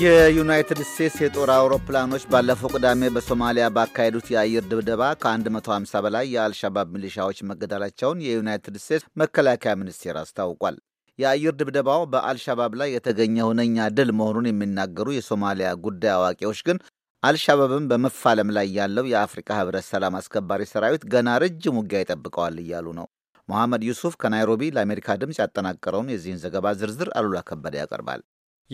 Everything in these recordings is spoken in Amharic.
የዩናይትድ ስቴትስ የጦር አውሮፕላኖች ባለፈው ቅዳሜ በሶማሊያ ባካሄዱት የአየር ድብደባ ከ150 በላይ የአልሻባብ ሚሊሻዎች መገደላቸውን የዩናይትድ ስቴትስ መከላከያ ሚኒስቴር አስታውቋል። የአየር ድብደባው በአልሻባብ ላይ የተገኘ ሁነኛ ድል መሆኑን የሚናገሩ የሶማሊያ ጉዳይ አዋቂዎች ግን አልሻባብን በመፋለም ላይ ያለው የአፍሪካ ሕብረት ሰላም አስከባሪ ሰራዊት ገና ረጅም ውጊያ ይጠብቀዋል እያሉ ነው። መሐመድ ዩሱፍ ከናይሮቢ ለአሜሪካ ድምፅ ያጠናቀረውን የዚህን ዘገባ ዝርዝር አሉላ ከበደ ያቀርባል።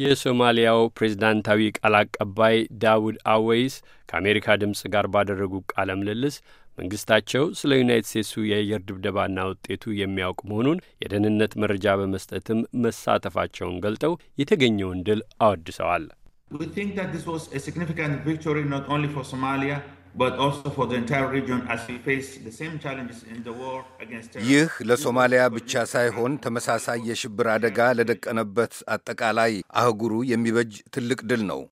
የሶማሊያው ፕሬዝዳንታዊ ቃል አቀባይ ዳውድ አወይስ ከአሜሪካ ድምፅ ጋር ባደረጉ ቃለ ምልልስ መንግስታቸው ስለ ዩናይት ስቴትሱ የአየር ድብደባና ውጤቱ የሚያውቅ መሆኑን የደህንነት መረጃ በመስጠትም መሳተፋቸውን ገልጠው የተገኘውን ድል አወድሰዋል። ይህ ለሶማሊያ ብቻ ሳይሆን ተመሳሳይ የሽብር አደጋ ለደቀነበት አጠቃላይ አህጉሩ የሚበጅ ትልቅ ድል ነው።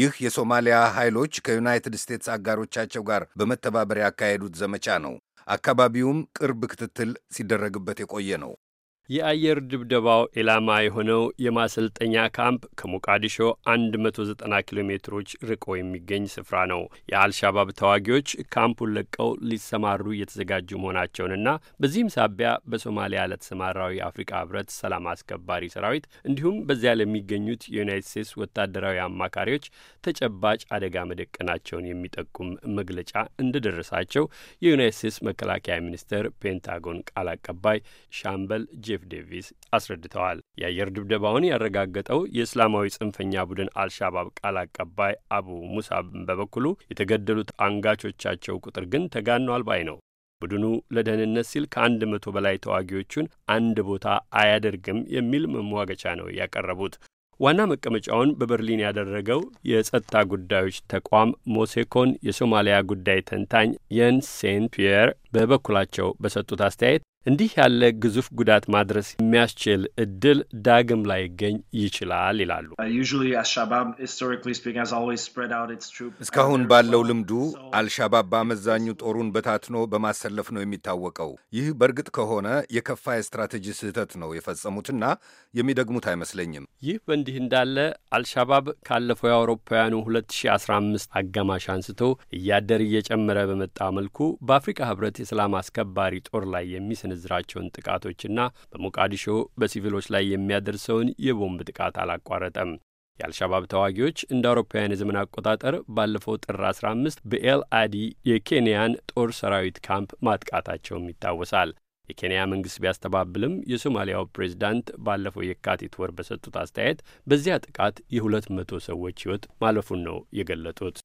ይህ የሶማሊያ ኃይሎች ከዩናይትድ ስቴትስ አጋሮቻቸው ጋር በመተባበር ያካሄዱት ዘመቻ ነው። አካባቢውም ቅርብ ክትትል ሲደረግበት የቆየ ነው። የአየር ድብደባው ኢላማ የሆነው የማሰልጠኛ ካምፕ ከሞቃዲሾ 190 ኪሎ ሜትሮች ርቆ የሚገኝ ስፍራ ነው። የአልሻባብ ተዋጊዎች ካምፑን ለቀው ሊሰማሩ እየተዘጋጁ መሆናቸውንና በዚህም ሳቢያ በሶማሊያ ለተሰማራው የአፍሪካ ህብረት ሰላም አስከባሪ ሰራዊት እንዲሁም በዚያ ለሚገኙት የዩናይት ስቴትስ ወታደራዊ አማካሪዎች ተጨባጭ አደጋ መደቀናቸውን የሚጠቁም መግለጫ እንደደረሳቸው የዩናይት ስቴትስ መከላከያ ሚኒስቴር ፔንታጎን ቃል አቀባይ ሻምበል ጄ ጄፍ ዴቪስ አስረድተዋል። የአየር ድብደባውን ያረጋገጠው የእስላማዊ ጽንፈኛ ቡድን አልሻባብ ቃል አቀባይ አቡ ሙሳብ በበኩሉ የተገደሉት አንጋቾቻቸው ቁጥር ግን ተጋኗል ባይ ነው። ቡድኑ ለደህንነት ሲል ከአንድ መቶ በላይ ተዋጊዎቹን አንድ ቦታ አያደርግም የሚል መሟገቻ ነው ያቀረቡት። ዋና መቀመጫውን በበርሊን ያደረገው የጸጥታ ጉዳዮች ተቋም ሞሴኮን የሶማሊያ ጉዳይ ተንታኝ የን ሴንት ፒየር በበኩላቸው በሰጡት አስተያየት እንዲህ ያለ ግዙፍ ጉዳት ማድረስ የሚያስችል እድል ዳግም ላይገኝ ይችላል ይላሉ። uh, እስካሁን ባለው ልምዱ አልሻባብ በአመዛኙ ጦሩን በታትኖ በማሰለፍ ነው የሚታወቀው። ይህ በእርግጥ ከሆነ የከፋ የስትራቴጂ ስህተት ነው የፈጸሙትና የሚደግሙት አይመስለኝም። ይህ በእንዲህ እንዳለ አልሻባብ ካለፈው የአውሮፓውያኑ 2015 አጋማሽ አንስቶ እያደር እየጨመረ በመጣ መልኩ በአፍሪካ ህብረት የሰላም አስከባሪ ጦር ላይ የሚስን የሰነዝራቸውን ጥቃቶችና በሞቃዲሾ በሲቪሎች ላይ የሚያደርሰውን የቦምብ ጥቃት አላቋረጠም። የአልሻባብ ተዋጊዎች እንደ አውሮፓውያን የዘመን አቆጣጠር ባለፈው ጥር 15 በኤል አዲ የኬንያን ጦር ሰራዊት ካምፕ ማጥቃታቸውም ይታወሳል። የኬንያ መንግስት ቢያስተባብልም የሶማሊያው ፕሬዝዳንት ባለፈው የካቲት ወር በሰጡት አስተያየት በዚያ ጥቃት የሁለት መቶ ሰዎች ሕይወት ማለፉን ነው የገለጡት።